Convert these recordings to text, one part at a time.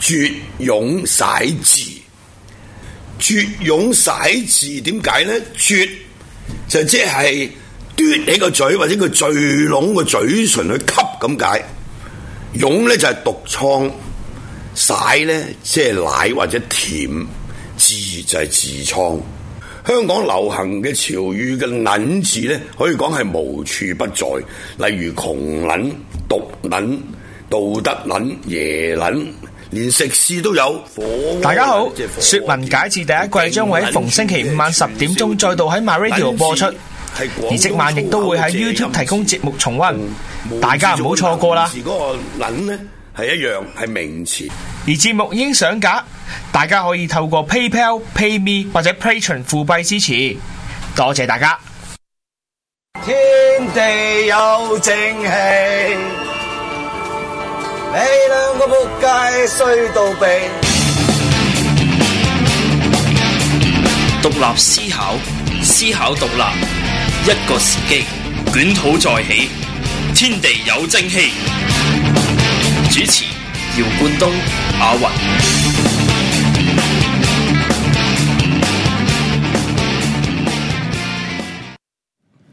絕勇使字，絕勇使字點解呢？絕就即係嘟起個嘴或者個聚攏個嘴唇去吸咁解。勇呢，就係、是、毒瘡，使呢，即係奶或者甜，字就係痔瘡。香港流行嘅潮語嘅捻字呢，可以講係無處不在，例如窮捻、毒捻、道德捻、耶捻。連食肆都有。大家好，說文解字第一季將會喺逢星期五晚十點鐘再度喺 MyRadio 播出，而即晚亦都會喺 YouTube 提供節目重溫。大家唔好錯過啦。嗰個諗咧係一樣係名詞。而節目已經上架，大家可以透過 PayPal、PayMe 或者 Patreon 付幣支持。多謝大家。天地有正氣。你、hey, 兩個仆街衰到痹，獨立思考，思考獨立，一個時機，捲土再起，天地有正氣。主持：姚冠東、阿雲。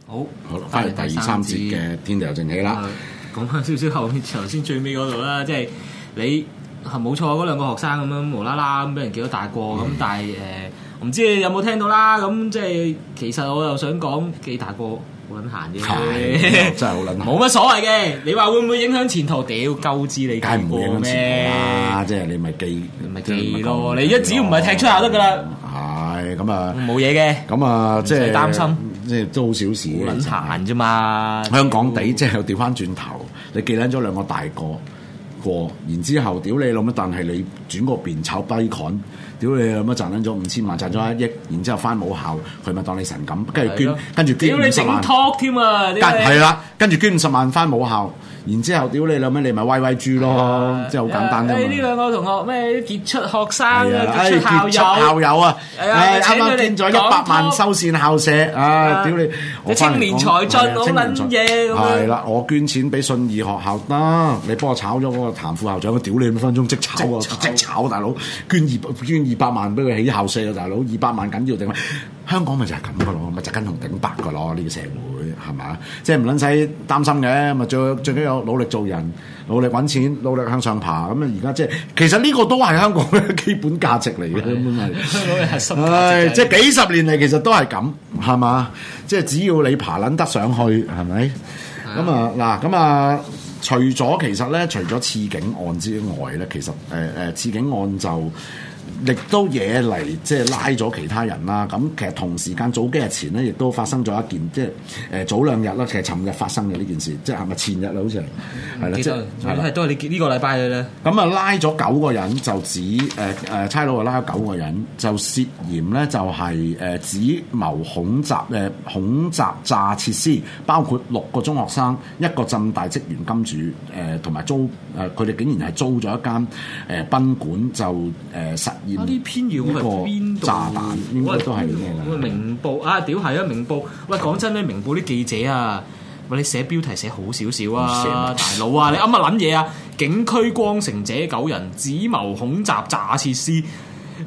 好好，翻嚟第二三節嘅天地有正氣啦。講翻少少頭先最尾嗰度啦，即、就、係、是、你係冇錯嗰兩個學生咁樣無啦啦咁俾人叫咗大過咁，但係我唔知道你有冇聽到啦。咁即係其實我又想講幾大過好撚閒嘅，真係好冇乜所謂嘅。你話會唔會影響前途？屌救治你，梗唔影響啦、啊。即係你咪你咪記，就是、記咯，你一只要唔係踢出下得噶啦。係咁啊，冇嘢嘅。咁、嗯、啊，即係。嗯。即係都好少事，冇卵賺啫嘛！香港地即係又調翻轉頭，你，頭你記得咗兩個大個過，然之後屌你諗乜，但係你轉個邊炒低抗，屌你諗乜賺撚咗五千萬，賺咗一億，然之後翻母校，佢咪當你神咁，跟住捐，跟住捐五十萬添啊！跟係啦，跟住捐五十萬翻母校。然之後，屌你兩蚊，你咪威威豬咯，啊、即係好簡單啫，呢兩個同學咩傑出學生啊，誒傑、啊、校，校友啊，誒啊捐咗一百萬修善校舍啊！屌、啊、你我，青年才俊咁乜嘢係啦，我捐錢俾信義學校啦、啊，你幫我炒咗嗰個譚副校長，屌你五分鐘即炒啊！即炒，即炒，即炒，即炒大佬，捐二百捐二百萬俾佢起校舍啊！大佬二百萬緊要定乜？香港咪就係咁噶咯，咪就是就是、跟同頂白噶咯呢個社會。係嘛，即係唔撚使擔心嘅，咪最最緊要努力做人，努力揾錢，努力向上爬。咁啊，而家即係其實呢個都係香港嘅基本價值嚟嘅，咁啊，香係唉，即係幾十年嚟其實都係咁，係嘛，即係只要你爬撚得上去，係咪？咁啊，嗱，咁啊，除咗其實咧，除咗刺警案之外咧，其實誒誒，刺、呃、警案就。亦都惹嚟即係拉咗其他人啦。咁其實同時間早幾日前咧，亦都發生咗一件即係早兩日啦。其實尋日發生嘅呢件事，即係係咪前日啦？好似係啦，即係都係你呢個禮拜嘅咧。咁啊，拉咗九個人就指誒誒差佬啊拉咗九個人，就涉嫌咧就係指謀恐襲嘅、呃、恐襲炸設施，包括六個中學生、一個浸大職員金主同埋、呃、租佢哋、呃、竟然係租咗一間誒賓館就誒、呃啲、啊、偏要係邊度？應該都係你啦。喂、啊，明報啊，屌係啊，明報。喂，講真咧，明報啲記者啊，喂，你寫標題寫好少少啊，大佬啊，你噏乜撚嘢啊？景區光城者九人，指謀恐襲炸設施。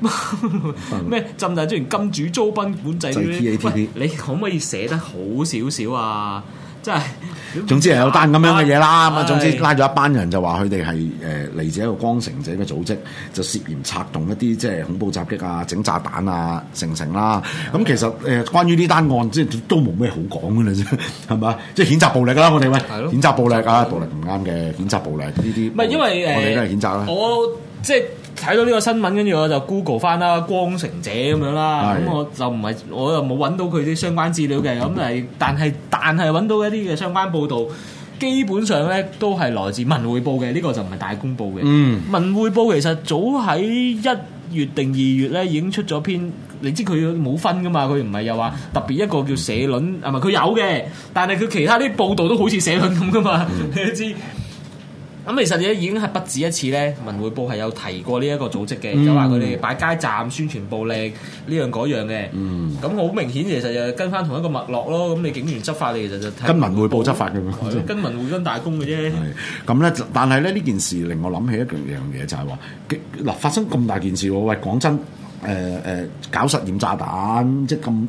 咩 什麼？浸 大之源金主租賓館製嗰啲，喂，你可唔可以寫得好少少啊？即係，總之係有單咁樣嘅嘢啦。咁啊，總之拉咗一班人就話佢哋係誒嚟自一個光城者嘅組織，就涉嫌策動一啲即係恐怖襲擊啊、整炸彈啊、成成啦。咁、嗯、其實誒、呃，關於呢單案即係都冇咩好講㗎啦，啫係咪？即係譴責暴力㗎啦，我哋喂，譴責暴力啊，暴力唔啱嘅，譴責暴力呢啲。唔係因為誒，我哋梗係譴責啦、呃、我即係。睇到呢個新聞，跟住我就 Google 翻啦，光城者咁樣啦，咁我就唔係，我又冇揾到佢啲相關資料嘅，咁但係但係揾到一啲嘅相關報道，基本上咧都係來自文匯報嘅，呢個就唔係大公報嘅。嗯，文匯報其實早喺一月定二月咧已經出咗篇，你知佢冇分噶嘛，佢唔係又話特別一個叫社論，係咪佢有嘅？但係佢其他啲報道都好似社論咁噶嘛，嗯、你都知。咁其實你已經係不止一次咧，文匯報係有提過呢一個組織嘅、嗯，就話佢哋擺街站宣傳暴力呢樣嗰樣嘅。咁、嗯、好明顯，其實就跟翻同一個脈絡咯。咁你警員執法，你其實就文跟文匯報執法嘅跟文匯跟大公嘅啫。咁咧，但係咧呢件事令我諗起一樣嘢，就係、是、話，嗱發生咁大件事，喂，講、呃、真，誒誒搞實驗炸彈，即係咁，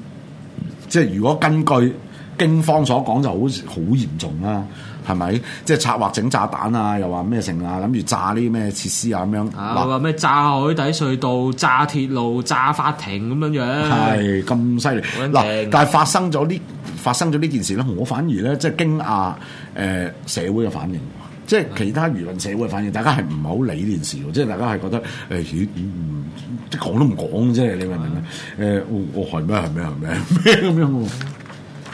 即係如果根據警方所講，就好好嚴重啦、啊。係咪即係策劃整炸彈啊？又話咩成啊？諗住炸呢啲咩設施啊？咁樣啊？話咩炸海底隧道、炸鐵路、炸法庭咁樣樣？係咁犀利嗱！但係發生咗呢發生咗呢件事咧，我反而咧即係驚訝誒社會嘅反應，即係其他輿論社會嘅反應，大家係唔好理呢件事？即係大家係覺得誒，唔唔即講都唔講啫？你明唔明？誒，我係咩？係咩？係咩？咩咁樣？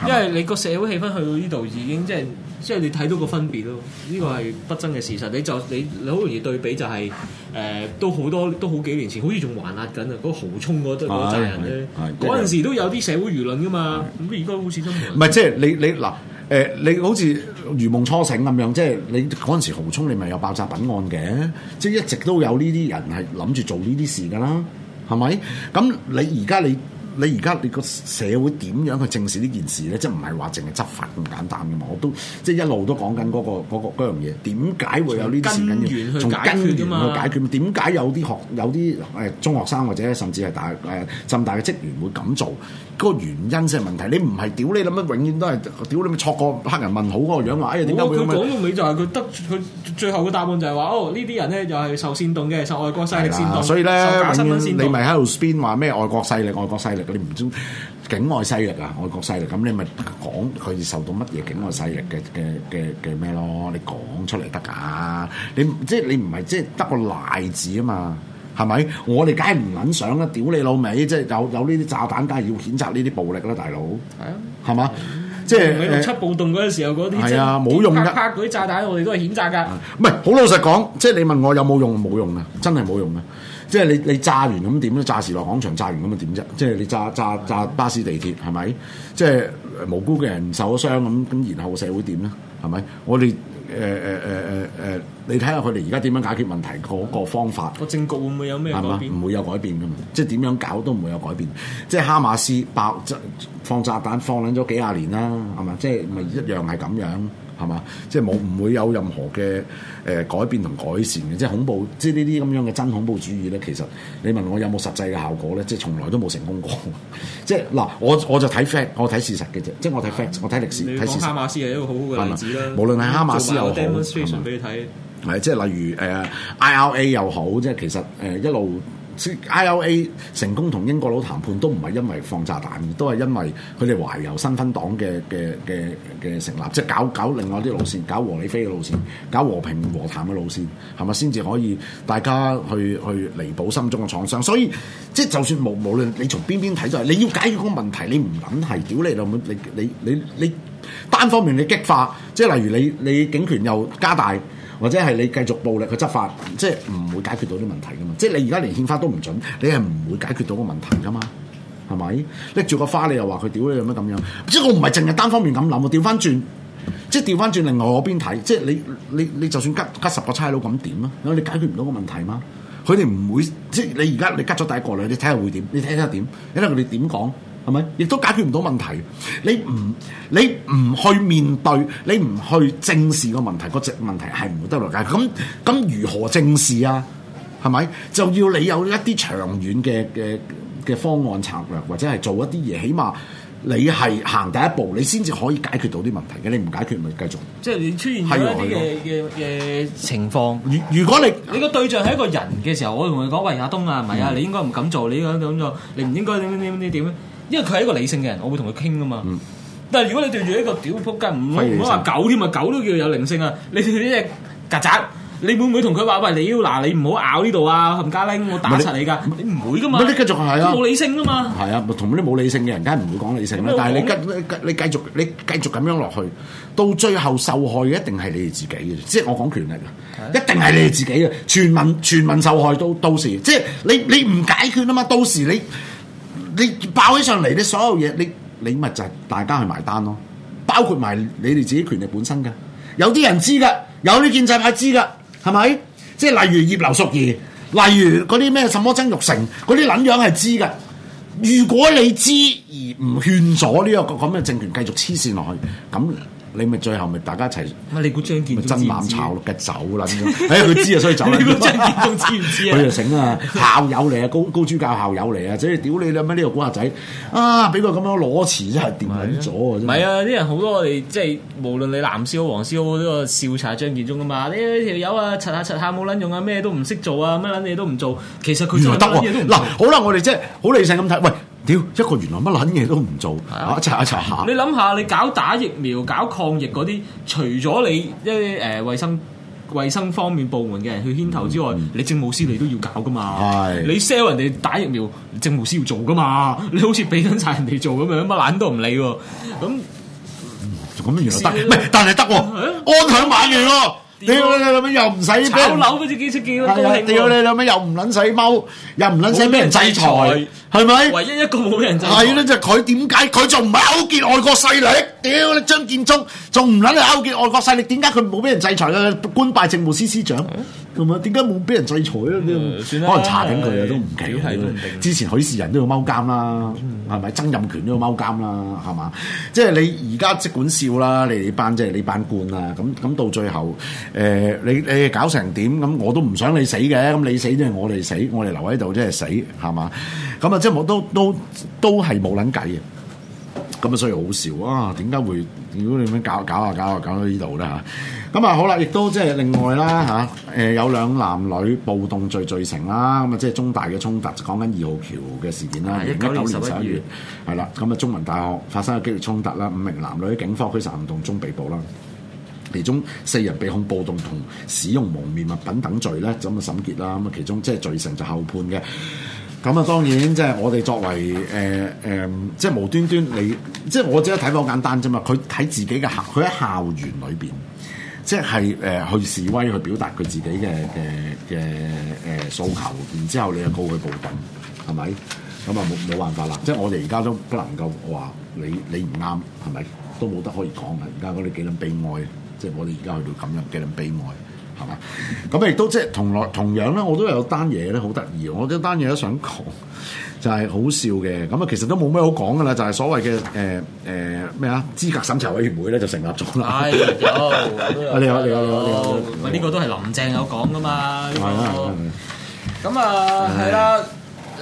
因為你個社會氣氛去到呢度，已經即係。即係你睇到個分別咯，呢個係不爭嘅事實。你就你你好容易對比就係、是、誒、呃，都好多都好幾年前，好似仲還押緊啊！嗰、那個、蠔涌嗰啲人咧，嗰陣時都有啲社會輿論噶嘛。咁而家好似都唔係即係你你嗱誒，你好似如夢初醒咁樣，即係你嗰陣時蠔涌你咪有爆炸品案嘅，即係一直都有呢啲人係諗住做呢啲事噶啦，係咪？咁你而家你。你而家你個社會點樣去正視呢件事咧？即係唔係話淨係執法咁簡單嘅嘛？我都即一路都講緊嗰個嗰嗰樣嘢。點解會有呢啲事緊要？從根源去解決啊，點解有啲學有啲誒中學生或者甚至係大誒浸大嘅職員會咁做？嗰個原因先係問題。你唔係屌你諗乜？永遠都係屌你咪錯過黑人問好嗰個樣話、嗯。哎呀點解會？佢講到尾就係佢得佢最後嘅答案就係話：哦，呢啲人咧又係受煽動嘅，受外國勢力煽動。所以咧，你咪喺度 spin 咩？外國勢力，外國勢力。你唔中境外勢力啊，外國勢力咁，你咪講佢受到乜嘢境外勢力嘅嘅嘅嘅咩咯？你講出嚟得噶，你不即係你唔係即係得個賴字啊嘛，係咪？我哋梗係唔撚想啦，屌你老味！即係有有呢啲炸彈，梗係要譴責呢啲暴力啦，大佬係啊，係嘛、就是？即係六七暴動嗰陣時候嗰啲係啊，冇用噶，拍啲炸彈我哋都係譴責噶。唔係好老實講，即係你問我有冇用？冇用啊，真係冇用啊！即係你你炸完咁點咧？炸時落廣場炸完咁啊點啫？即係你炸炸炸巴士、地鐵係咪？即係無辜嘅人受咗傷咁，咁然後社會點咧？係咪？我哋誒誒誒誒誒，你睇下佢哋而家點樣解決問題嗰個方法？個政局會唔會有咩改變？唔會有改變噶嘛？ 即係點樣搞都唔會有改變。即係哈馬斯爆即放炸彈放撚咗幾廿年啦，係咪？即係咪一樣係咁樣？係嘛？即係冇唔會有任何嘅誒改變同改善嘅，即係恐怖，即係呢啲咁樣嘅真恐怖主義咧。其實你問我有冇實際嘅效果咧，即係從來都冇成功過。即係嗱，我我就睇 fact，我睇事實嘅啫。即係我睇 fact，我睇歷史。睇事實你講哈馬斯係一個好好嘅例子啦。無論係哈馬斯又好，我有 demonstration 俾你睇。係即係例如誒 IRA 又好，即係其實誒、uh，一路。I.O.A. 成功同英國佬談判都唔係因為放炸彈，而都係因為佢哋懷柔新芬黨嘅嘅嘅嘅成立，即係搞搞另外啲路線，搞和你飛嘅路線，搞和平和談嘅路線，係咪先至可以大家去去彌補心中嘅創傷？所以即係就算無無論你從哪邊邊睇就係，你要解決嗰個問題，你唔撚係屌你，老冇你你你你單方面你激化，即係例如你你警權又加大。或者係你繼續暴力去執法，即係唔會解決到啲問題噶嘛？即係你而家連獻花都唔準，你係唔會解決到個問題噶嘛？係咪拎住個花，你又話佢屌你有乜咁樣？即係我唔係淨係單方面咁諗，調翻轉，即係調翻轉另外嗰邊睇，即係你你你就算吉吉十個差佬咁點啊？你解決唔到個問題嘛？佢哋唔會即係你而家你吉咗第一個女，你睇下會點？你睇下點？因為佢哋點講？係咪？亦都解決唔到問題。你唔你唔去面對，你唔去正視個問題，個問題係唔會得落架。咁咁如何正視啊？係咪就要你有一啲長遠嘅嘅嘅方案策略，或者係做一啲嘢，起碼你係行第一步，你先至可以解決到啲問題嘅。你唔解決咪繼續？即係你出現嘅嘅嘅情況。如如果你你個對象係一個人嘅時候，我同佢講：喂，亞東啊，唔係啊、嗯，你應該唔敢做，你應該咁做，你唔應該點點點點點。因為佢係一個理性嘅人，我會同佢傾噶嘛。嗯、但係如果你對住一個屌撲街，唔可唔好話狗添啊，狗都叫有靈性啊。你對呢隻曱甴，你會唔會同佢話喂，你要嗱，你唔好咬呢度啊，冚家拎我打柒你㗎。你唔會噶嘛？你繼續係啊，冇理性噶嘛。係啊，同嗰啲冇理性嘅人，梗係唔會講理性啦。但係你你繼續你繼續咁樣落去，到最後受害嘅一定係你哋自己嘅。即係我講權力係啊，一定係你哋自己嘅。全民全民受害到到時，即係你你唔解決啊嘛，到時你。你爆起上嚟，你所有嘢，你你咪就係大家去埋單咯，包括埋你哋自己權力本身噶，有啲人知噶，有啲建制派知噶，係咪？即係例如葉劉淑儀，例如嗰啲咩什麼曾鈺成，嗰啲撚樣係知噶。如果你知而唔勸阻呢一個咁嘅政權繼續黐線落去，咁。你咪最後咪大家一齊你估張建宗真攬炒落嘅走啦！佢、 哎、知啊，所以走啦。你個張建宗知唔知啊？佢 就醒啊！校友嚟啊，高高主教校友嚟啊，即係屌你啦！乜呢個古惑仔啊，俾佢咁樣攞詞真係掂撚咗啊！唔係啊，啲人好多我哋即係無論你藍絲、黃絲都個笑茶張建宗啊嘛？呢條友啊，擦下擦下冇撚用啊，咩都唔識做啊，乜撚嘢都唔做。其實佢原得嗱，好啦，我哋即係好理性咁睇，喂。屌，一個原來乜撚嘢都唔做，啊啊、查一齊一查。行。你諗下，你搞打疫苗、搞抗疫嗰啲，除咗你一啲誒衞生、衞生方面部門嘅人去牽頭之外、嗯，你政務司你都要搞噶嘛？啊、你 sell 人哋打疫苗，你政務司要做噶嘛？你好似俾緊晒人哋做咁樣，乜撚都唔理喎。咁、嗯、咁樣原來得，唔係，但係得喎，安享晚年咯、啊。你你兩咪又唔使炒樓嗰啲幾千幾蚊高興、啊，你你兩咪又唔撚使踎，又唔撚使俾人制裁。係咪？唯一一個冇俾人制裁就係啦，就佢點解佢仲唔係勾結外國勢力？屌你張建宗仲唔撚住勾結外國勢力？點解佢冇俾人制裁咧？官拜政務司司長，咁啊？點解冇俾人制裁咧、嗯？可能查緊佢啊，都唔奇。之前許仕仁都要踎監啦，係、嗯、咪？曾蔭權都要踎監啦，係嘛？即係你而家即管笑啦，你哋班即係、就是、你班官啊！咁咁到最後，誒、呃，你你搞成點咁？我都唔想你死嘅，咁你死即係我哋死，我哋留喺度即係死，係嘛？咁啊，即係我都都都係冇捻計嘅，咁啊，所以好笑啊！點解會如果你咁樣搞搞下搞下搞，搞到呢度咧吓？咁啊，好啦，亦都即係另外啦吓，誒，有兩男女暴動罪罪成啦，咁啊，即係中大嘅衝突就講緊二號橋嘅事件啦，而家九年十一月係啦，咁啊，中文大學發生咗激烈衝突啦，五名男女喺警方拘查行動中被捕啦，其中四人被控暴動同使用蒙面物品等罪咧，咁啊，審結啦，咁啊，其中即係、就是、罪成就後判嘅。咁啊，當然即係我哋作為誒、呃呃、即係無端端你，即係我只係睇法好簡單啫嘛。佢喺自己嘅校，佢喺校園裏面，即係誒、呃、去示威去表達佢自己嘅嘅嘅誒訴求，然之後你又告佢暴動，係咪？咁啊，冇冇辦法啦？即係我哋而家都不能夠話你你唔啱，係咪？都冇得可以講啊！而家嗰啲幾咁悲哀，即係我哋而家去到咁樣幾咁悲哀。係嘛？咁亦都即係同來同樣咧，我都有單嘢咧，好得意。我呢單嘢都想講，就係、是、好笑嘅。咁啊，其實都冇咩好講噶啦，就係、是、所謂嘅誒誒咩啊資格審查委員會咧，就成立咗啦、哎。係有啊，你好你好你好，喂，呢個都係林鄭有講噶嘛？咁啊係啦。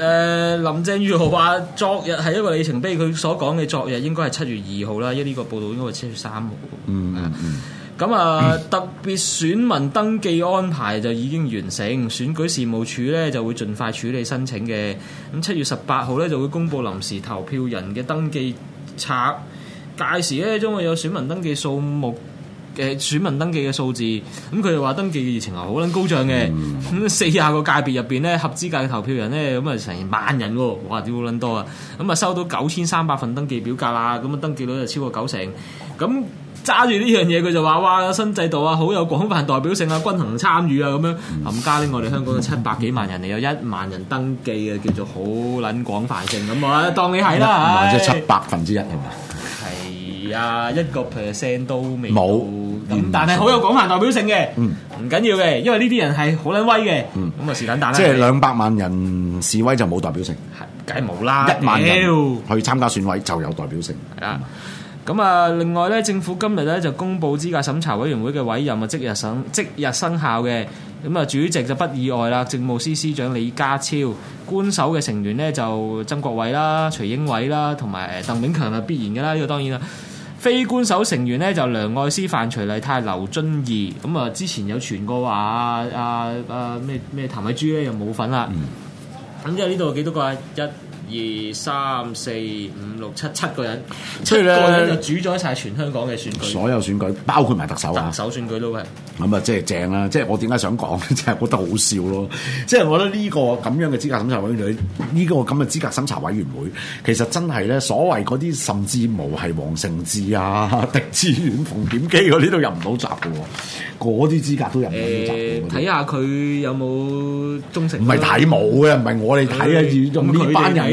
誒，林鄭月娥話：昨日係一個里程碑，佢所講嘅昨日應該係七月二號啦，因為呢個報導應該係七月三號。嗯。嗯。咁、嗯、啊，特別選民登記安排就已經完成，選舉事務處咧就會盡快處理申請嘅。咁七月十八號咧就會公布臨時投票人嘅登記冊，屆時咧將會有選民登記數目嘅選民登記嘅數字，咁佢哋話登記嘅熱情係好撚高漲嘅，咁四十個界別入邊咧，合資格嘅投票人咧，咁啊成萬人喎，哇屌撚多啊！咁啊收到九千三百份登記表格啦，咁啊登記率就超過九成，咁揸住呢樣嘢佢就話哇新制度啊，好有廣泛代表性啊，均衡參與啊，咁樣咁加呢，我哋香港嘅七百幾萬人嚟，有一萬人登記嘅叫做好撚廣泛性，咁啊當你係啦，即係七百分之一係嘛？啊，一個 percent 都未冇、嗯，但係好有廣泛代表性嘅。唔緊要嘅，因為呢啲人係好撚威嘅。咁、嗯、啊，是但咧，即係兩百萬人示威就冇代表性，梗係冇啦。一萬人去參加選委就有代表性。係、no. 啦，咁啊，另外咧，政府今日咧就公布資格審查委員會嘅委任啊，即日生即日生效嘅。咁啊，主席就不意外啦，政務司司長李家超，官守嘅成員呢就曾國偉啦、徐英偉啦，同埋誒鄧炳強係必然嘅啦，呢、呢個當然啦。非官守成員呢，就梁愛詩、范徐麗泰、劉遵義。咁啊，之前有傳過話啊啊啊咩咩，譚惠珠咧又冇份啦，嗯，咁即係呢度有幾多個啊一。二三四五六七七個人，七個人就主宰晒全香港嘅選舉所，所有選舉包括埋特首。特首選舉都係。咁啊，即係正啦！即係我點解想講，即係覺得好笑咯。即係我覺得呢個咁樣嘅資格審查委員會，呢、呢個咁嘅資格審查委員會，其實真係咧，所謂嗰啲甚至無係黃成智啊、狄志遠、馮檢基嗰啲都入唔到閘嘅喎，嗰啲資格都入唔到閘。睇下佢有冇忠誠？唔係睇冇嘅，唔係我哋睇啊，嗯、用呢班人。咁樣嘅，咁可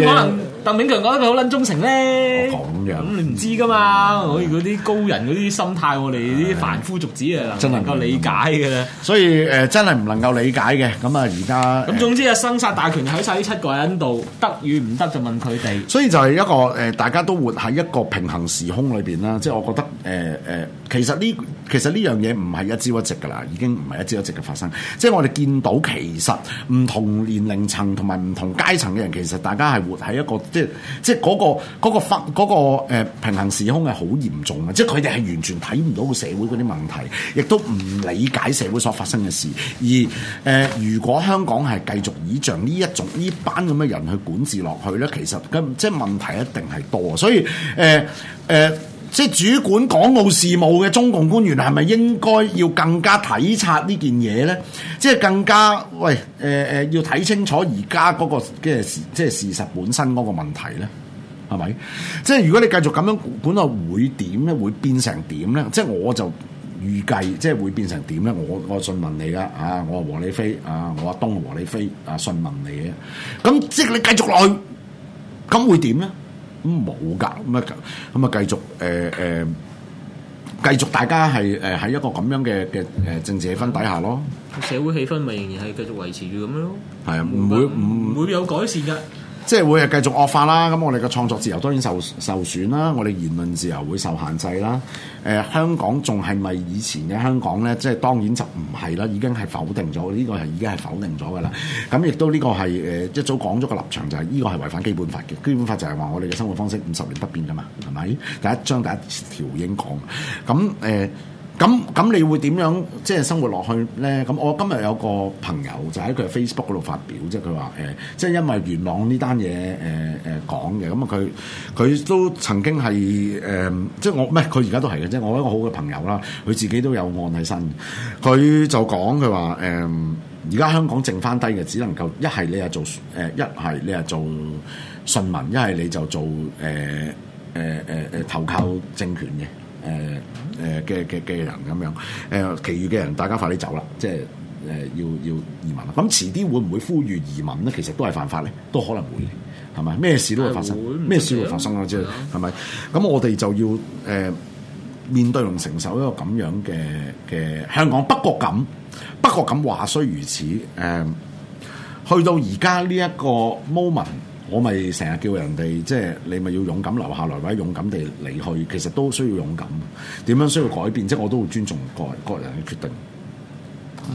能鄧炳強講得佢好撚忠誠咧。咁樣，咁、嗯、你唔知噶嘛？好似嗰啲高人嗰啲心態，我哋啲凡夫俗子啊，就能，能夠理解嘅。所以、呃、真係唔能夠理解嘅。咁啊，而家咁總之啊，生殺大權喺晒呢七個人度，得與唔得就問佢哋。所以就係一個大家都活喺一個平行時空裏面啦。即係我覺得、呃呃、其實呢。其實呢樣嘢唔係一朝一夕噶啦，已經唔係一朝一夕嘅發生。即係我哋見到，其實唔同年齡層同埋唔同階層嘅人，其實大家係活喺一個即係即係、嗰、嗰個嗰、嗰個分嗰、嗰個呃、平衡時空係好嚴重嘅。即係佢哋係完全睇唔到社會嗰啲問題，亦都唔理解社會所發生嘅事。而誒、呃，如果香港係繼續依仗呢一種呢班咁嘅人去管治落去咧，其實咁即係問題一定係多。所以誒誒。呃呃。即係主管港澳事務嘅中共官員係咪應該要更加體察件呢件嘢咧？即係更加喂誒誒、呃，要睇清楚而家嗰個嘅即係事實本身嗰個問題咧，係咪？即係如果你繼續咁樣管落，會點咧？會變成點咧？即係我就預計即係會變成點咧？我我信問你㗎，啊，我話黃禮飛啊，我阿東黃禮飛啊，信問你嘅。咁即係你繼續落去，咁會點咧？咁冇噶，咁啊咁啊，繼續誒誒，繼續大家係誒喺一個咁樣嘅嘅誒政治氣氛底下咯，社會氣氛咪仍然係繼續維持住咁樣咯，係啊，唔會唔會有改善噶。即係會係繼續惡化啦，咁我哋嘅創作自由當然受受損啦，我哋言論自由會受限制啦、呃。香港仲係咪以前嘅香港咧？即係當然就唔係啦，已經係否定咗，呢、這個係已經係否定咗噶啦。咁亦都呢個係、呃、一早講咗個立場，就係、是、呢個係違反基本法嘅。基本法就係話我哋嘅生活方式五十年不變噶嘛，係咪？第一章第一條已講咁咁咁你會點樣即係、即係、生活落去咧？咁我今日有個朋友就喺佢 Facebook 嗰度發表，即係佢話即係因為元朗呢單嘢誒誒講嘅，咁啊佢佢都曾經係誒，即、呃、係、即係、我咩？佢而家都係嘅，即係我一個好嘅朋友啦，佢自己都有案喺身，佢就講佢話誒，而家、呃、香港剩翻低嘅，只能夠一係你係做一係、呃、你係做信民，一係你就做誒誒、呃呃呃、投靠政權嘅。誒誒嘅嘅嘅人咁樣，誒、呃，其餘嘅人，呃、人大家快啲走啦，即係誒、呃，要要移民啦。咁遲啲會唔會呼籲移民咧？其實都係犯法咧，都可能會嚟，係咪？咩事都會發生，咩事會發生啊？即係係咪？咁我哋就要誒、呃、面對同承受一個咁樣嘅嘅香港，不過咁，不過咁話雖如此，誒、呃，去到而家呢一個 moment。我咪成日叫人哋，即係你咪要勇敢留下來或者勇敢地離去，其實都需要勇敢。點樣需要改變，即係我都會尊重各人各人嘅決定。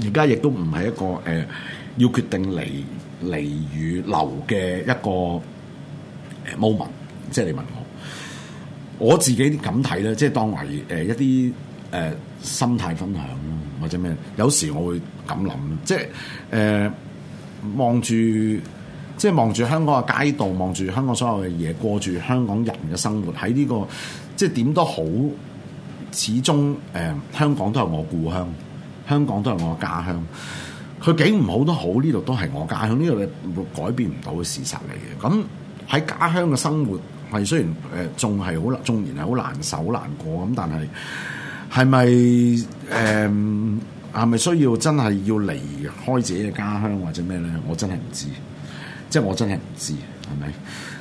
而家亦都唔係一個誒要決定離離與留嘅一個誒 moment，即係你問我，我自己咁睇咧，即係當為誒一啲誒心態分享，或者咩？有時我會咁諗，即係誒望住。呃即係望住香港嘅街道，望住香港所有嘅嘢，過住香港人嘅生活，喺呢個即係點都好，始終誒、呃，香港都係我故鄉，香港都係我嘅家鄉。佢景唔好都好，呢度都係我家鄉，呢度嘅改變唔到嘅事實嚟嘅。咁喺家鄉嘅生活係雖然誒仲係好難，仲然係好難受、好難過咁，但係係咪誒係咪需要真係要離開自己嘅家鄉或者咩呢？我真係唔知。即係我真係唔知係咪，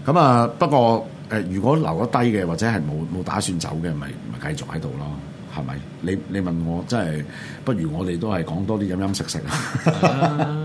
咁啊，不過誒、呃，如果留得低嘅，或者係冇冇打算走嘅，咪咪繼續喺度咯，係咪？你你問我，真係不如我哋都係講多啲飲飲食食啊，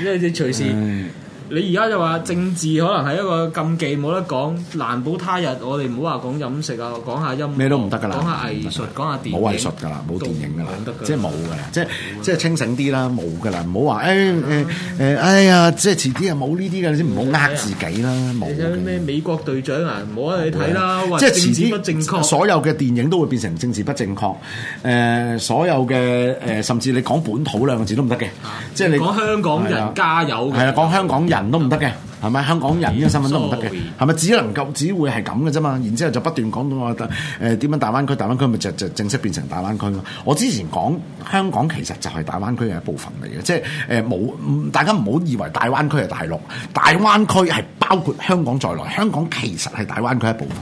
因 為 你隨時、嗯。你而家就話政治可能係一個禁忌，冇得講，難保他日我哋唔好話講飲食啊，講下音樂，咩都唔得㗎啦，講下藝術，講下電影，冇藝術㗎啦，冇電影㗎啦，即係冇㗎啦，即係即係清醒啲啦，冇㗎啦，唔好話誒誒誒，哎呀，即係遲啲啊，冇呢啲嘅，你先唔好呃自己啦，冇嘅。咩美國隊長啊，唔好去睇啦，即係政治不正確，所有嘅電影都會變成政治不正確。誒、呃，所有嘅誒、呃，甚至你講本土兩個字都唔得嘅，即係你講香港人加油。係啊，講、啊、香港人人都唔得嘅，係咪香港人呢個身份都唔得嘅，係咪只能夠只會係咁嘅啫嘛？然之後就不斷講到我誒點樣大灣區，大灣區咪就就正式變成大灣區咯。我之前講香港其實就係大灣區嘅一部分嚟嘅，即係誒冇，大家唔好以為大灣區係大陸，大灣區係包括香港在內，香港其實係大灣區的一部分。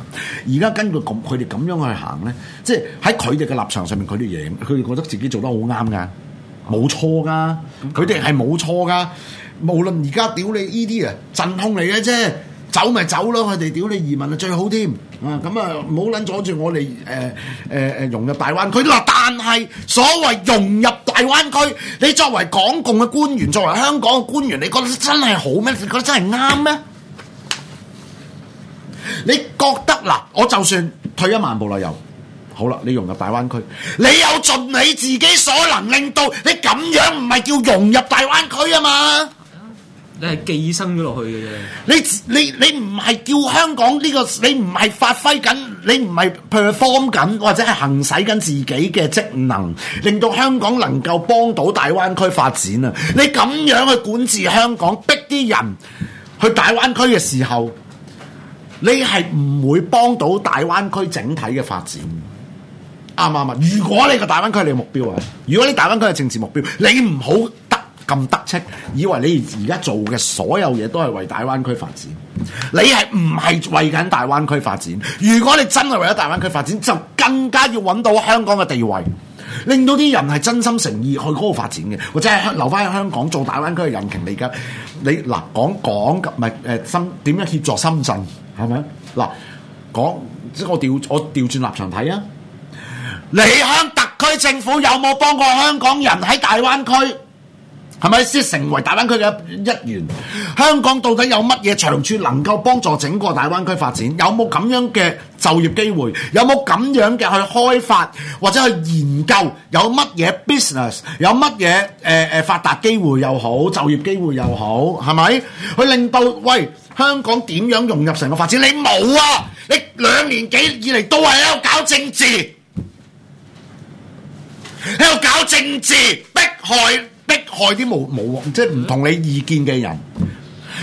而家根據咁佢哋咁樣去行咧，即係喺佢哋嘅立場上面，佢哋嘢，佢哋覺得自己做得好啱㗎。冇錯噶，佢哋係冇錯噶。無論而家屌你呢啲啊，陣痛嚟嘅啫，走咪走咯，佢哋屌你移民啊，最好添。啊，咁、呃、啊，唔好撚阻住我哋誒誒誒融入大灣區咯。但係所謂融入大灣區，你作為港共嘅官員，作為香港嘅官員，你覺得真係好咩？你覺得真係啱咩？ 你覺得嗱，我就算退一萬步嚟又？好啦，你融入大灣區，你有盡你自己所能，令到你咁樣唔係叫融入大灣區啊嘛？你係寄生咗落去嘅啫。你你你唔係叫香港呢個，你唔係發揮緊，你唔係 perform 緊，或者係行使緊自己嘅職能，令到香港能夠幫到大灣區發展啊！你咁樣去管治香港，逼啲人去大灣區嘅時候，你係唔會幫到大灣區整體嘅發展。啱啊！如果你個大灣區係你嘅目標啊，如果你大灣區係政治目標，你唔好得咁得戚，以為你而家做嘅所有嘢都係為大灣區發展，你係唔係為緊大灣區發展？如果你真係為咗大灣區發展，就更加要搵到香港嘅地位，令到啲人係真心誠意去嗰度發展嘅，或者係留返喺香港做大灣區嘅引擎嚟噶。你嗱，講，講唔係誒，深點樣協助深圳，係咪啊？嗱，講，即我調我調轉立場睇啊！你香港特區政府有冇幫過香港人喺大灣區？係咪先成為大灣區嘅一員？香港到底有乜嘢長處能夠幫助整個大灣區發展？有冇咁樣嘅就業機會？有冇咁樣嘅去開發或者去研究有乜嘢 business？有乜嘢誒誒發達機會又好，就業機會又好，係咪？佢令到喂香港點樣融入成個發展？你冇啊！你兩年幾以嚟都係喺度搞政治。喺度搞政治，迫害迫害啲冇冇即係唔同你意見嘅人，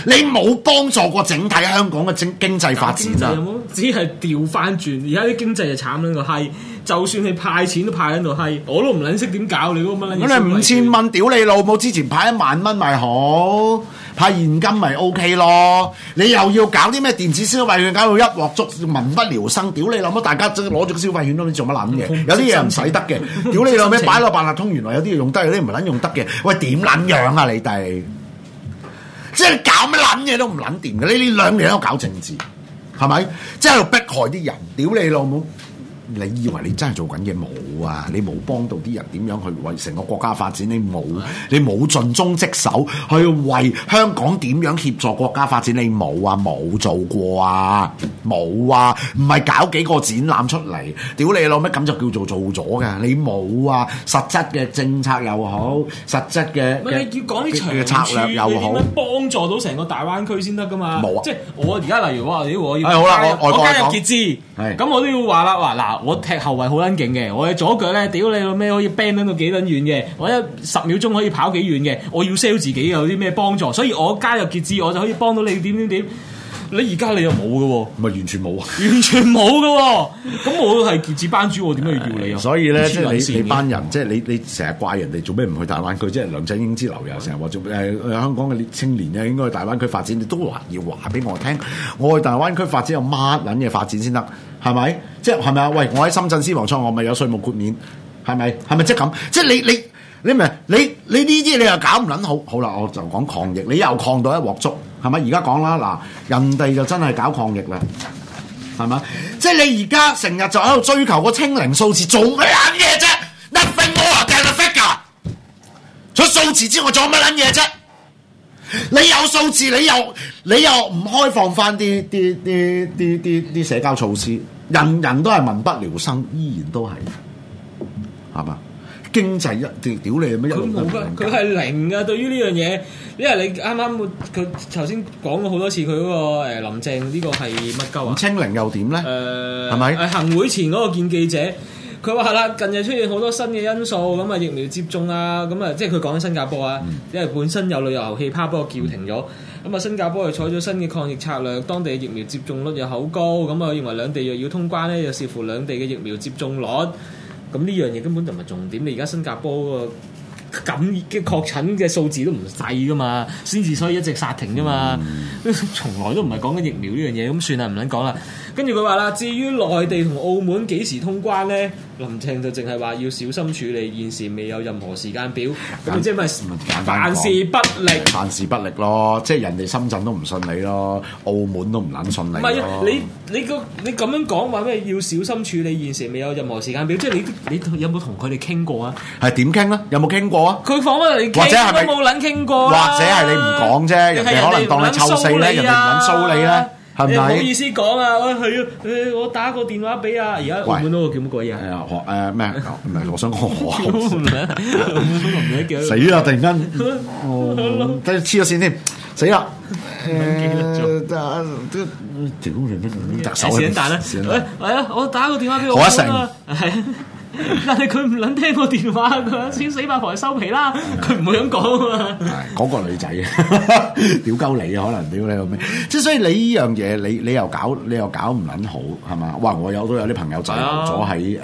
你冇幫助過整體香港嘅精經濟發展咋，有冇？只係調返轉，而家啲經濟就慘啦個閪。就算你派錢都派喺度，係我都唔撚識點搞你嗰乜撚嘢。咁你五千蚊屌你老母，之前派一萬蚊咪好，派現金咪 O K 咯。你又要搞啲咩電子消費券，搞到一鑊粥民不聊生。屌你老母，大家攞住個消費券都唔知做乜撚嘢。 有啲嘢唔使得嘅。屌你老母，擺落八達通，原來有啲嘢用得，有啲唔撚用得嘅。喂，點撚樣啊你哋？即係你搞乜撚嘢都唔撚掂嘅，你呢兩年喺度搞政治，係咪？即係喺度逼害啲人，屌你老母！你以為你真係做緊嘢冇啊？你冇幫到啲人點樣去為成個國家發展？你冇，你冇盡忠職守去為香港點樣協助國家發展？你冇啊！冇做過啊！冇啊！唔係搞幾個展覽出嚟，屌你老咩？咁就叫做做咗㗎！你冇啊！實質嘅政策又好，實質嘅，你要講啲嘅策略又好，幫助到成個大灣區先得噶嘛？冇啊！即係我而家例如話，屌我要、哎好，我外國有結資，係咁我都要話啦話嗱。我踢後衞好撚勁嘅，我嘅左腳咧，屌你老味，可以 ban 到幾撚遠嘅，我一十秒鐘可以跑幾遠嘅，我要 sell 自己有啲咩幫助，所以我加入傑志，我就可以幫到你點點點。怎樣怎樣。你而家你又冇嘅喎，咪完全冇啊！完全冇嘅喎，咁 我係傑志班主， 我點解要叫你啊？所以咧，即係你你班人，即係你你成日怪人哋做咩唔去大灣區，即係梁振英之流又成日話做誒香港嘅青年咧應該去大灣區發展，你都話要話俾我聽，我去大灣區發展有乜撚嘢發展先得，係咪？即係係咪啊？喂，我喺深圳私房倉，我咪有稅務豁免，係咪？係咪即係咁？即係你你你咪你你呢啲你，你又搞唔撚好？好啦，我就講抗疫，你又抗到一鑊粥。係咪？而家講啦，嗱，人哋就真係搞抗疫啦，係咪？即係你而家成日就喺度追求個清零數字，做咩撚嘢啫？Nothing more than a figure。除數字之外，做乜撚嘢啫？你有數字，你又你又唔開放翻啲啲啲啲啲啲社交措施，人人都係民不聊生，依然都係，係嘛？經濟一定屌你乜？佢冇噶，佢係零噶。對於呢樣嘢，因為你啱啱佢頭先講過好多次佢嗰個林鄭呢、這個係乜鳩啊？清零又點咧？誒係咪？行會前嗰個見記者，佢話啦，近日出現好多新嘅因素，咁啊疫苗接種啊，咁啊即係佢講緊新加坡啊、嗯，因為本身有旅遊氣泡，不過叫停咗。咁、嗯、啊新加坡又採咗新嘅抗疫策略，當地嘅疫苗接種率又好高，咁啊認為兩地又要通關咧，又視乎兩地嘅疫苗接種率。咁呢樣嘢根本就唔係重點，你而家新加坡個感染嘅確診嘅數字都唔細㗎嘛，先至所以一直殺停啫嘛，嗯、從來都唔係講緊疫苗呢樣嘢，咁算啦，唔使講啦。跟住佢話啦，至於內地同澳門幾時通關咧，林鄭就淨係話要小心處理，現時未有任何時間表。咁即係咪辦事不力？辦事不力咯，即係人哋深圳都唔信你咯，澳門都唔撚信你。唔係你你你咁樣講話咩？要小心處理，現時未有任何時間表。即係你你，你有冇同佢哋傾過啊？係點傾啊？有冇傾過啊？佢放翻嚟傾都冇撚傾過。或者係、啊、你唔講啫，人哋可能當你臭四咧、啊，人哋唔撚數你咧、啊。你唔好意思講啊，我係啊，我打個電話俾啊。而家澳門嗰個叫乜鬼嘢、啊？誒，何誒咩？唔係我想講我啊！死啦！突然間，睇黐咗線添，死啦！誒、呃，屌咗！媽、呃！打、呃呃呃呃呃呃、手先打啦，喂，係啊、欸，我打個電話俾我阿成啊，係、嗯。嗯嗯嗯。 但係佢唔撚聽我電話，佢死死八婆收皮啦！佢 唔會咁講啊嘛。 個女仔啊，屌 鳩 你啊，可能屌你個咩？即 係所以你呢樣嘢，你你又搞你又搞唔撚好係嘛？哇！我有都有啲朋友滯留咗喺誒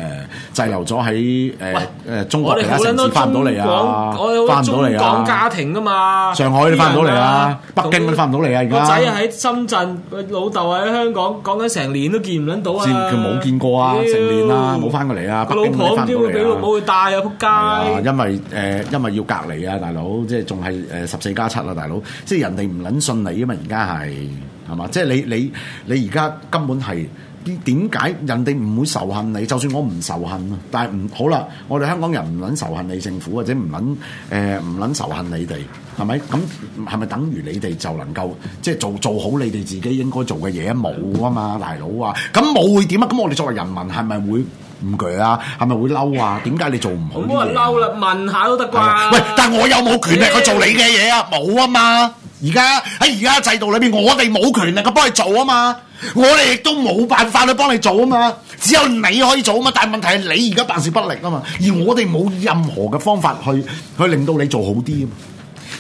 滯留咗喺誒誒中國，其他城市翻唔到嚟啊！我有翻唔到嚟啊！我講家庭㗎啊嘛，上海都翻唔到嚟啊，北京都翻唔到嚟啊。而家仔喺深圳，老豆喺香港，講緊成年都見唔撚到啊！佢冇見過啊，成年啦冇翻過嚟啊，冇啲會俾老母去帶啊！仆街，因為、呃、因為要隔離啊，大佬，即係仲係十四加七啊，大佬，即係人哋唔撚信你啊嘛，而家係係嘛，即係你你你而家根本係點解人哋唔會仇恨你？就算我唔仇恨啊，但係唔好啦，我哋香港人唔撚仇恨你政府或者唔撚誒唔撚仇恨你哋，係咪？咁係咪等於你哋就能夠即係做做好你哋自己應該做嘅嘢？冇啊嘛，大佬啊，咁冇會點啊？咁我哋作為人民係咪會？唔鋸啊，係咪會嬲啊？點解你做唔好嘢？好冇人嬲啦，問下都得啩？喂，但我有冇權力去做你嘅嘢啊？冇啊嘛！而家喺而家制度裏邊，我哋冇權力去幫你做啊嘛，我哋亦都冇辦法去幫你做啊嘛，只有你可以做啊嘛。但係問題係你而家辦事不力啊嘛，而我哋冇任何嘅方法去去令到你做好啲啊嘛。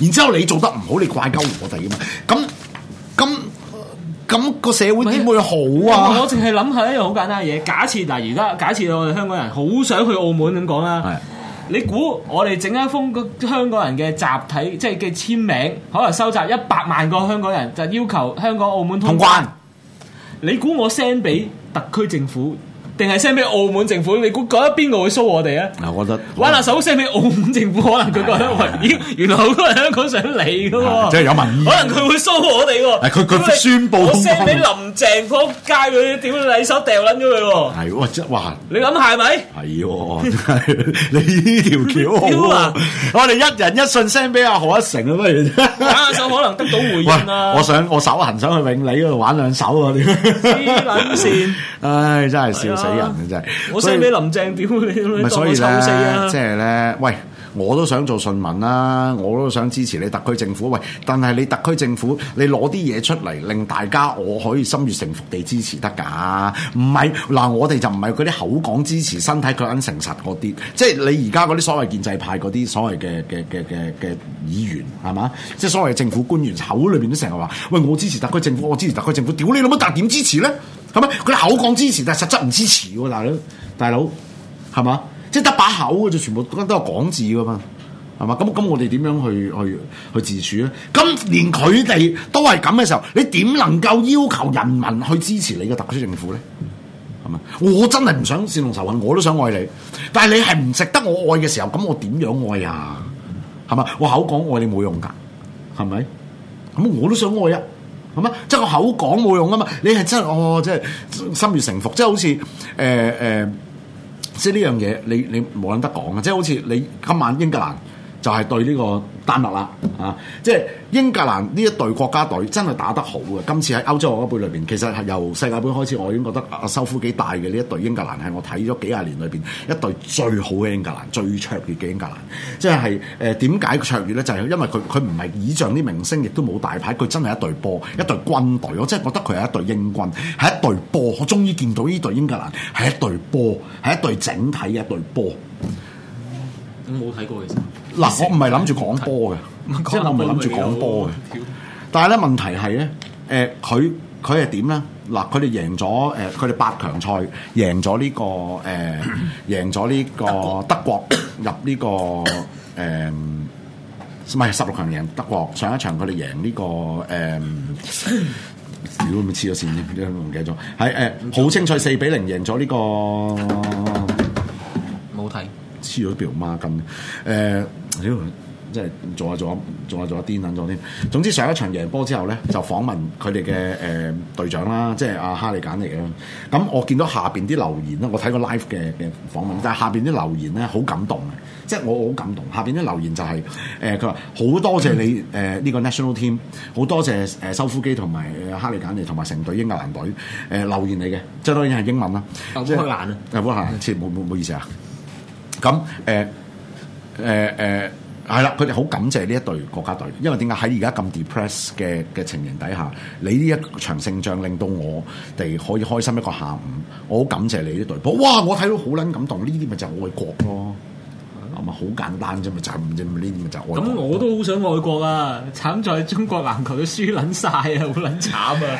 然之後你做得唔好，你怪鳩我哋啊嘛。咁。咁、個社會點會好啊？我淨係諗下一樣好簡單嘅嘢，假設嗱，而家假設我哋香港人好想去澳門咁講啦，你估我哋整一封香港人嘅集體，即係嘅簽名，可能收集一百萬個香港人，就要求香港澳門通關。你估我 send 俾特區政府？定係 send 俾澳門政府，你估覺得邊個會蘇我哋啊？嗱，我覺得玩下手 send 俾澳門政府，可能佢覺得，咦，原來好多人香港想嚟噶喎，即係有民意。可能佢會蘇我哋喎。佢佢宣佈通通，send 俾林鄭扑街嗰啲，點你手掉撚咗佢喎？係喎，即係哇！你諗係咪？係喎，真係你呢條橋。我哋一人一信 send 俾阿何一成咯，不如玩下手可能得到回應啦。我想我手痕想去永利嗰度玩兩手喎。黐撚線，唉，真係笑死！死人真係，我 send 俾林鄭屌 你，當佢醜死啊呢！即係咧，喂，我都想做順民啦、啊，我都想支持你特區政府。喂，但係你特區政府，你攞啲嘢出嚟，令大家我可以心悅誠服地支持得噶、啊？唔係嗱，我哋就唔係嗰啲口講支持，身體卻肯誠實嗰啲。即係你而家嗰啲所謂建制派嗰啲所謂嘅嘅嘅嘅嘅議員，係嘛？即係所謂政府官員口裏邊都成日話，喂，我支持特區政府，我支持特區政府。屌你老母，但係點支持咧？佢口講支持，但實質唔支持喎。大佬，大佬，係嘛？即係得把口嘅，全部都有係講字噶嘛，係嘛？咁咁，我哋點樣去去去自處咧？咁連佢哋都係咁嘅時候，你點能夠要求人民去支持你嘅特區政府咧？係嘛？我真係唔想煽動仇恨，我都想愛你，但係你係唔值得我愛嘅時候，咁我點樣愛啊？係嘛？我口講愛你冇用噶，係咪？咁我都想愛啊！即係個口講冇用啊嘛！你係真係哦，即係心悅誠服，即係好似誒誒，即係呢樣嘢，你你冇撚得講啊！即係好似你今晚英格蘭。就係、是、對呢個丹麥啦，啊！即係英格蘭呢一隊國家隊真係打得好嘅。今次喺歐洲盃裏邊，其實係由世界盃開始，我已經覺得阿蘇、啊、夫幾大嘅呢一隊英格蘭係我睇咗幾廿年裏邊一隊最好嘅英格蘭、最卓越嘅英格蘭。即係誒點解卓越呢？就係、是、因為佢佢唔係倚仗啲明星，亦都冇大牌。佢真係一隊波，一隊軍隊。我真係覺得佢係一隊英軍，係一隊波。我終於見到呢隊英格蘭係一隊波，係一隊整體嘅一隊波。我冇睇過其實。嗱，我唔係諗住講波嘅，即係我唔係諗住講波嘅。但係咧問題係咧，誒佢佢係點咧？嗱，佢哋贏咗誒，佢哋八強賽贏咗呢個誒，贏咗呢個德國入呢個誒，唔係十六強贏德國。上一場佢哋贏呢個誒，你會唔會黐咗線啫？唔記得咗，係誒好清楚四比零贏咗呢個。黐咗條孖筋，誒，妖、呃，即係做下做下做下做下癲緊咗添。總之上一場贏波之後咧，就訪問佢哋嘅誒隊長啦，即係阿哈利簡尼啦。咁我見到下邊啲留言咧，我睇過 live 嘅嘅訪問，但係下邊啲留言咧好感動嘅，即係我好感動。下邊啲留言就係、是、誒，佢話好多謝你誒呢、呃這個 national team，好多謝誒修夫基同埋哈利簡尼同埋成隊英格蘭隊誒、呃、留言嚟嘅，即係當然係英文啦。好開眼啊！好開眼，切唔好唔好意思啊！咁誒誒誒係啦，佢哋好感謝呢一隊國家隊，因為點解喺而家咁 depress 嘅嘅情形底下，你呢一場勝仗令到我哋可以開心一個下午，我好感謝你呢隊友。哇！我睇到好撚感動，呢啲咪就係愛國咯～咁、嗯、好簡單啫嘛，就唔知呢啲咪就咁我都好想愛國啊！慘在中國籃球都輸撚曬啊，好撚慘啊！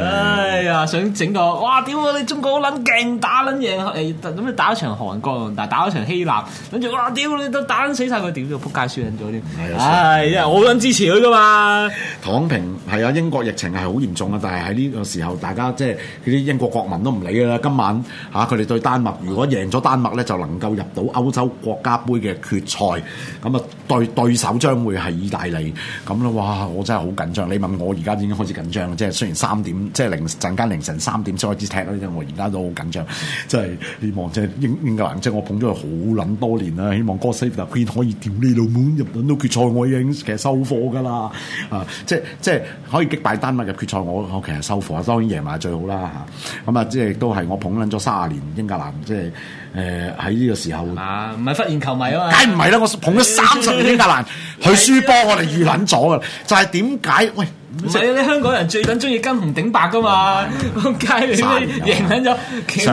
哎呀，想整個哇屌、啊！你中國好撚勁打撚贏，誒、欸，諗打一場韓國，但係打一場希臘，跟住哇屌！你都打撚死曬佢，點都仆街輸撚咗啲係啊，因為、啊哎哎、我撚支持佢噶嘛唐。躺平係啊，英國疫情係好嚴重啊，但係喺呢個時候，大家即係嗰啲英國國民都唔理噶啦。今晚嚇佢哋對丹麥，如果贏咗丹麥咧，就能夠入到歐洲國家杯。嘅決賽，咁啊對，對手將會係意大利，咁咧哇，我真係好緊張。你問我而家已經開始緊張啦，即係雖然三點，即係零陣間凌晨三點先開始踢啦，因我而家都好緊張，即係希望即係英，英格蘭，即係我捧咗佢好撚多年啦。希望 God Save The Queen 可以屌你老母入到決賽，我已經其實收貨噶啦啊！即即係可以擊敗丹麥入決賽，我我其實收貨。當然贏埋最好啦嚇。咁啊，即係亦都係我捧撚咗三十年英格蘭，即係。誒喺呢個時候是不是啊？唔係忽然球迷啊嘛，梗係唔係啦，我捧咗三十年英格蘭去，佢輸波我哋預諗咗噶，就係點解喂？唔係，你香港人最緊中意跟紅頂白噶嘛？街你都贏緊咗，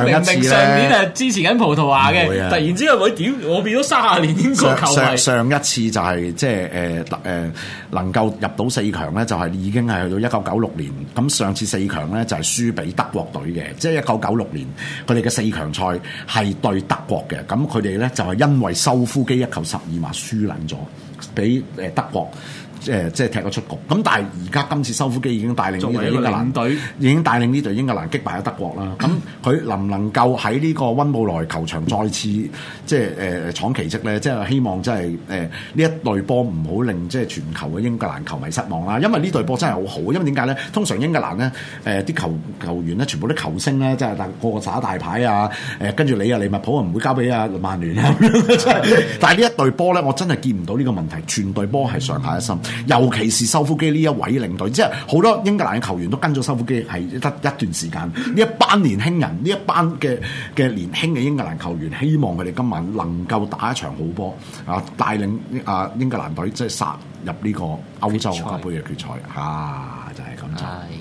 明明上年係支持緊葡萄牙嘅、啊，突然之後會點我變咗三廿年英國球迷。上一次就係即係誒誒能夠入到四強咧，就係已經係去到一九九六年。咁上次四強咧就係輸俾德國隊嘅，即係一九九六年佢哋嘅四強賽係對德國嘅。咁佢哋咧就係因為修夫基一球十二碼輸撚咗，俾誒德國。誒、呃、即係踢咗出局，咁但係而家今次收腹機已經帶領呢隊英格蘭隊，已經帶領呢隊英格蘭擊敗咗德國啦。咁、嗯、佢能唔能夠喺呢個溫布萊球場再次即係誒誒闖奇蹟咧？即係希望即係誒呢一隊波唔好令即係全球嘅英格蘭球迷失望啦。因為呢隊波真係好好，因為點解咧？通常英格蘭咧誒啲球球員咧，全部啲球星咧，即係但個個耍大牌啊！跟、呃、住你啊，利物浦唔會交俾啊曼聯啊、嗯、 但係呢一隊波咧，我真係見唔到呢個問題，全隊波係上下一心。嗯尤其是修夫基呢一位領隊，即係好多英格蘭嘅球員都跟咗修夫基，係得一段時間。呢一班年輕人，呢一班嘅嘅年輕嘅英格蘭球員，希望佢哋今晚能夠打一場好波，啊帶領啊英格蘭隊即係殺入呢個歐洲盃嘅決賽，嚇、啊、就係咁就。哎